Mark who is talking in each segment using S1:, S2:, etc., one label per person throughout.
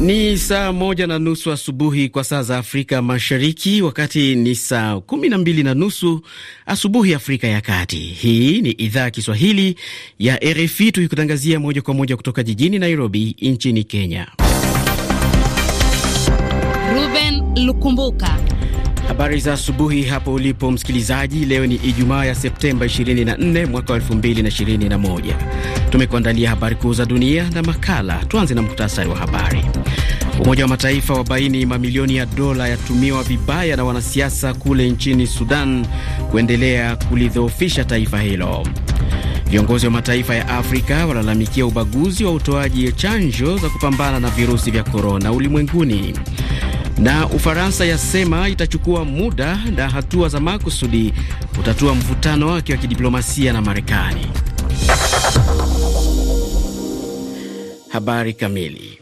S1: Ni saa moja na nusu asubuhi kwa saa za Afrika Mashariki, wakati ni saa kumi na mbili na nusu asubuhi Afrika ya Kati. Hii ni idhaa Kiswahili ya RFI tukikutangazia moja kwa moja kutoka jijini Nairobi nchini Kenya. Ruben Lukumbuka Habari za asubuhi hapo ulipo msikilizaji. Leo ni Ijumaa ya Septemba 24 mwaka 2021. Tumekuandalia habari kuu za dunia na makala. Tuanze na muktasari wa habari. Umoja wa Mataifa wabaini mamilioni ya dola yatumiwa vibaya na wanasiasa kule nchini Sudan kuendelea kulidhoofisha taifa hilo. Viongozi wa mataifa ya Afrika walalamikia ubaguzi wa utoaji chanjo za kupambana na virusi vya korona ulimwenguni. Na Ufaransa yasema itachukua muda na hatua za makusudi kutatua mvutano wake wa kidiplomasia na Marekani. Habari kamili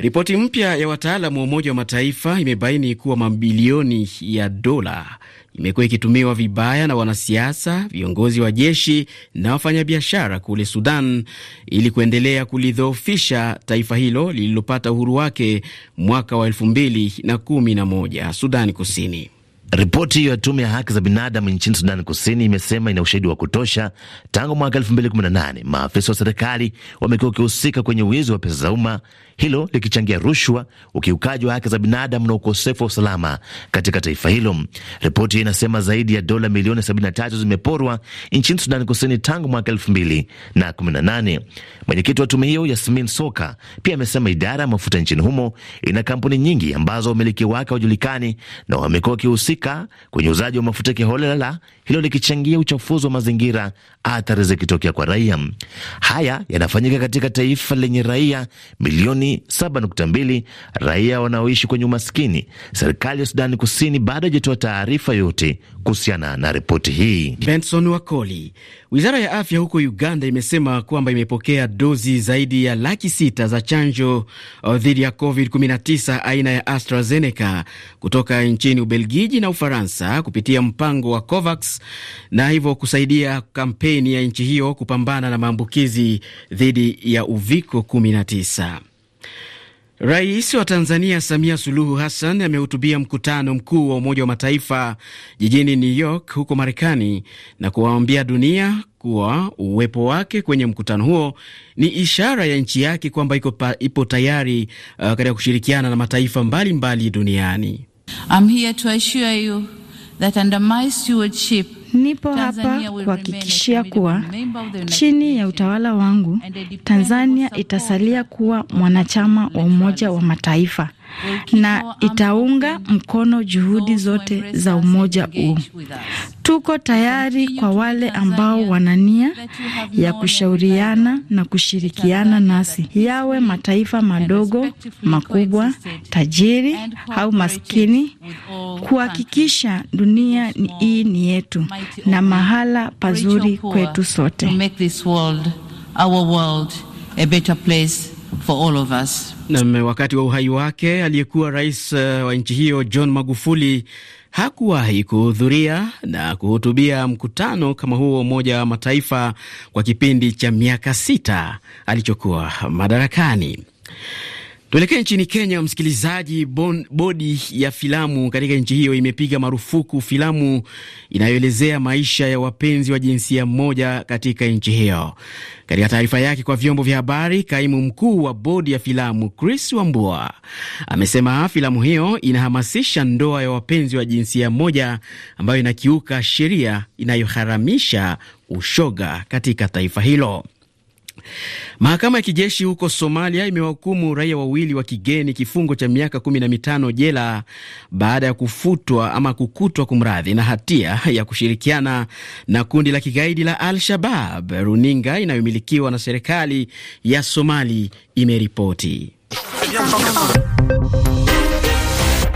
S1: Ripoti mpya ya wataalam wa Umoja wa Mataifa imebaini kuwa mabilioni ya dola imekuwa ikitumiwa vibaya na wanasiasa, viongozi wa jeshi na wafanyabiashara kule Sudan ili kuendelea kulidhoofisha taifa hilo lililopata uhuru wake mwaka wa 211 Sudani Kusini. Ripoti hiyo
S2: ya tume ya haki za binadamu nchini Sudani Kusini imesema ina ushahidi wa kutosha tangu mwaka 2018 maafisa wa serikali wamekuwa wakihusika kwenye wizi wa pesa za umma, hilo likichangia rushwa, ukiukaji wa haki za binadamu na ukosefu wa usalama katika taifa hilo. Ripoti hiyo inasema zaidi ya dola milioni 73 zimeporwa nchini Sudani Kusini tangu mwaka 2018. Mwenyekiti wa tume hiyo Yasmin Soka pia amesema idara ya mafuta nchini humo ina kampuni nyingi ambazo wamiliki wake wajulikani na wamekuwa wakihusika Afrika kwenye uzaji wa mafuta kiholela, hilo likichangia uchafuzi wa mazingira, athari zikitokea kwa raia. Haya yanafanyika katika taifa lenye raia milioni 7.2, raia wanaoishi kwenye umaskini. Serikali ya Sudani Kusini bado haijatoa taarifa yote kuhusiana na ripoti hii.
S1: Benson Wakoli. Wizara ya afya huko Uganda imesema kwamba imepokea dozi zaidi ya laki sita za chanjo uh, dhidi ya COVID-19 aina ya AstraZeneca kutoka nchini Ubelgiji na Ufaransa kupitia mpango wa COVAX na hivyo kusaidia kampeni ya nchi hiyo kupambana na maambukizi dhidi ya uviko 19. Rais wa Tanzania Samia Suluhu Hassan amehutubia mkutano mkuu wa Umoja wa Mataifa jijini New York huko Marekani na kuwaambia dunia kuwa uwepo wake kwenye mkutano huo ni ishara ya nchi yake kwamba ipo tayari uh, katika kushirikiana na mataifa mbalimbali mbali duniani. I'm here to assure you that under my stewardship Nipo hapa kuhakikishia kuwa chini ya utawala wangu Tanzania itasalia kuwa mwanachama wa Umoja wa Mataifa na itaunga mkono juhudi zote za umoja huu. Tuko tayari kwa wale ambao wana nia ya kushauriana na kushirikiana nasi, yawe mataifa madogo, makubwa, tajiri au maskini, kuhakikisha dunia hii ni yetu na mahala pazuri kwetu sote. Nam, wakati wa uhai wake aliyekuwa rais uh, wa nchi hiyo John Magufuli hakuwahi kuhudhuria na kuhutubia mkutano kama huo wa Umoja wa Mataifa kwa kipindi cha miaka sita alichokuwa madarakani. Tuelekee nchini Kenya, msikilizaji. Bon, bodi ya filamu katika nchi hiyo imepiga marufuku filamu inayoelezea maisha ya wapenzi wa jinsia moja katika nchi hiyo. Katika taarifa yake kwa vyombo vya habari, kaimu mkuu wa bodi ya filamu Chris Wambua amesema filamu hiyo inahamasisha ndoa ya wapenzi wa jinsia moja ambayo inakiuka sheria inayoharamisha ushoga katika taifa hilo. Mahakama ya kijeshi huko Somalia imewahukumu raia wawili wa kigeni kifungo cha miaka kumi na mitano jela baada ya kufutwa ama kukutwa kumradhi na hatia ya kushirikiana na kundi la kigaidi la Al-Shabab, runinga inayomilikiwa na serikali ya Somali imeripoti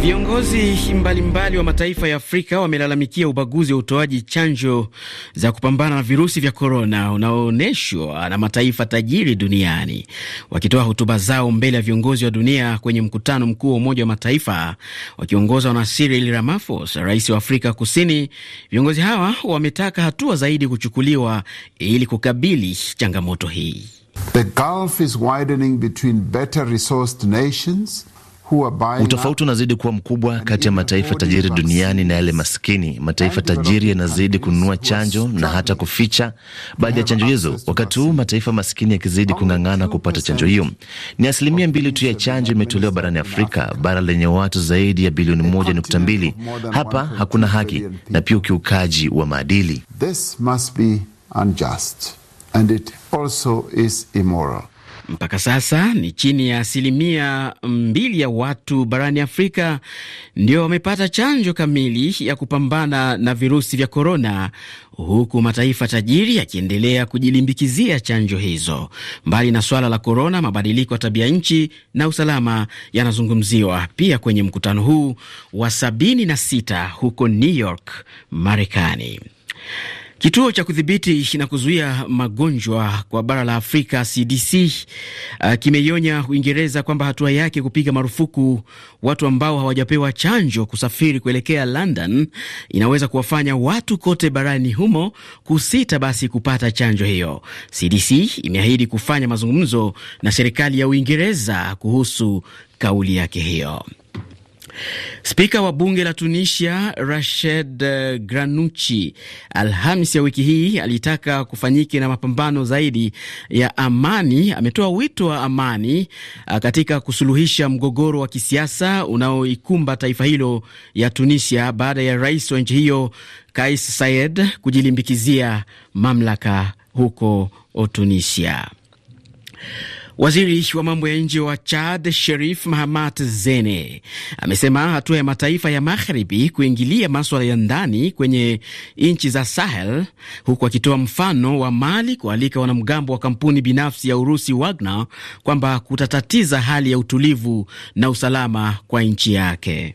S1: Viongozi mbalimbali mbali wa mataifa ya Afrika wamelalamikia ubaguzi wa utoaji chanjo za kupambana na virusi vya korona unaoonyeshwa na mataifa tajiri duniani. Wakitoa hotuba zao mbele ya viongozi wa dunia kwenye mkutano mkuu wa Umoja wa Mataifa wakiongozwa na Cyril Ramaphosa, rais wa Afrika Kusini, viongozi hawa wametaka hatua zaidi kuchukuliwa ili kukabili changamoto hii.
S2: The gulf is widening between better resourced nations Utofauti unazidi kuwa mkubwa kati ya mataifa tajiri duniani na yale maskini. Mataifa tajiri yanazidi kununua chanjo na hata kuficha baadhi ya chanjo hizo, wakati huu mataifa maskini yakizidi kung'ang'ana kupata chanjo hiyo. Ni asilimia mbili tu ya chanjo imetolewa barani Afrika, bara lenye watu zaidi ya bilioni moja nukta mbili. Hapa hakuna haki na pia ukiukaji wa maadili. This
S1: must be unjust and it also is immoral. Mpaka sasa ni chini ya asilimia mbili ya watu barani Afrika ndio wamepata chanjo kamili ya kupambana na virusi vya korona, huku mataifa tajiri yakiendelea kujilimbikizia chanjo hizo. Mbali na swala la korona, mabadiliko ya tabia nchi na usalama yanazungumziwa pia kwenye mkutano huu wa 76 huko New York, Marekani. Kituo cha kudhibiti na kuzuia magonjwa kwa bara la Afrika CDC uh, kimeionya Uingereza kwamba hatua yake kupiga marufuku watu ambao hawajapewa chanjo kusafiri kuelekea London inaweza kuwafanya watu kote barani humo kusita basi kupata chanjo hiyo. CDC imeahidi kufanya mazungumzo na serikali ya Uingereza kuhusu kauli yake hiyo. Spika wa bunge la Tunisia Rashed eh, Granuchi Alhamis ya wiki hii alitaka kufanyike na mapambano zaidi ya amani. Ametoa wito wa amani eh, katika kusuluhisha mgogoro wa kisiasa unaoikumba taifa hilo ya Tunisia baada ya rais wa nchi hiyo Kais Saied kujilimbikizia mamlaka huko Tunisia. Waziri wa mambo ya nje wa Chad Sherif Mahamat Zene amesema hatua ya mataifa ya magharibi kuingilia maswala ya ndani kwenye nchi za Sahel, huku akitoa mfano wa Mali kualika wanamgambo wa kampuni binafsi ya Urusi Wagner kwamba kutatatiza hali ya utulivu na usalama kwa nchi yake.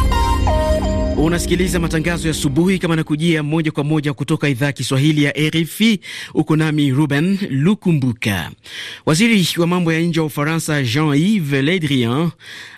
S1: Unasikiliza matangazo ya asubuhi kama nakujia moja kwa moja kutoka idhaa ya Kiswahili ya RFI. Uko nami Ruben Lukumbuka. Waziri wa mambo ya nje wa Ufaransa Jean-Yves Le Drian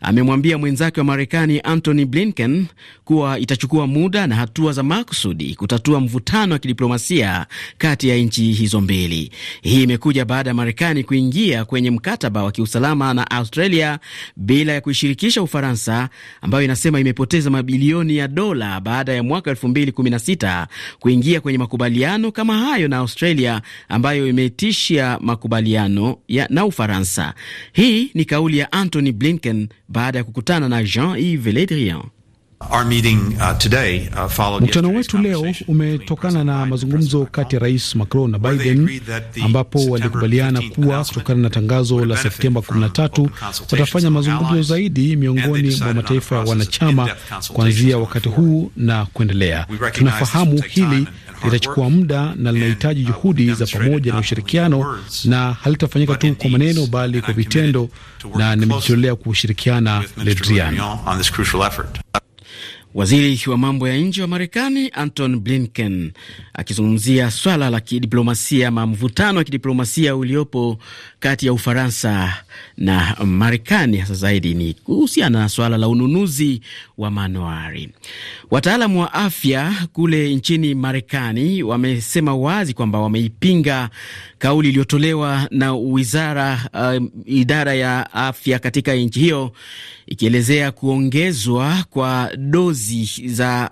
S1: amemwambia mwenzake wa Marekani Antony Blinken kuwa itachukua muda na hatua za makusudi kutatua mvutano wa kidiplomasia kati ya nchi hizo mbili. Hii imekuja baada ya Marekani kuingia kwenye mkataba wa kiusalama na Australia bila ya kuishirikisha Ufaransa, ambayo inasema imepoteza mabilioni ya dola baada ya mwaka 2016 kuingia kwenye makubaliano kama hayo na Australia ambayo imetishia makubaliano ya na Ufaransa. Hii ni kauli ya antony Blinken baada ya kukutana na Jean-Yves Le Drian. Uh, uh, Mkutano wetu leo umetokana na mazungumzo kati ya rais Macron na Biden, ambapo walikubaliana kuwa kutokana na tangazo la Septemba 13 watafanya mazungumzo zaidi miongoni mwa mataifa ya wanachama kuanzia wakati huu na kuendelea. Tunafahamu hili litachukua muda na linahitaji uh, juhudi za pamoja na ushirikiano, na halitafanyika tu kwa maneno, bali kwa vitendo, na nimejitolea kushirikiana, Le Drian. Waziri wa mambo ya nje wa Marekani Anton Blinken akizungumzia swala la kidiplomasia ama mvutano wa kidiplomasia uliopo kati ya Ufaransa na Marekani, hasa zaidi ni kuhusiana na swala la ununuzi wa manuari. Wataalamu wa afya kule nchini Marekani wamesema wazi kwamba wameipinga kauli iliyotolewa na wizara uh, idara ya afya katika nchi hiyo ikielezea kuongezwa kwa dozi za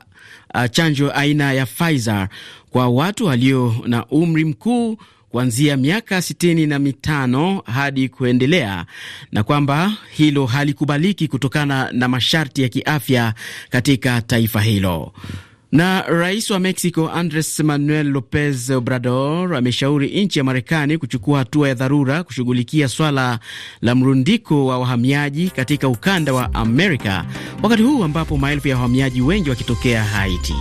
S1: uh, chanjo aina ya Pfizer kwa watu walio na umri mkuu kuanzia miaka sitini na mitano hadi kuendelea na kwamba hilo halikubaliki kutokana na masharti ya kiafya katika taifa hilo. Na rais wa Mexico Andres Manuel Lopez Obrador ameshauri nchi ya Marekani kuchukua hatua ya dharura kushughulikia swala la mrundiko wa wahamiaji katika ukanda wa Amerika, wakati huu ambapo maelfu ya wahamiaji wengi wakitokea Haiti.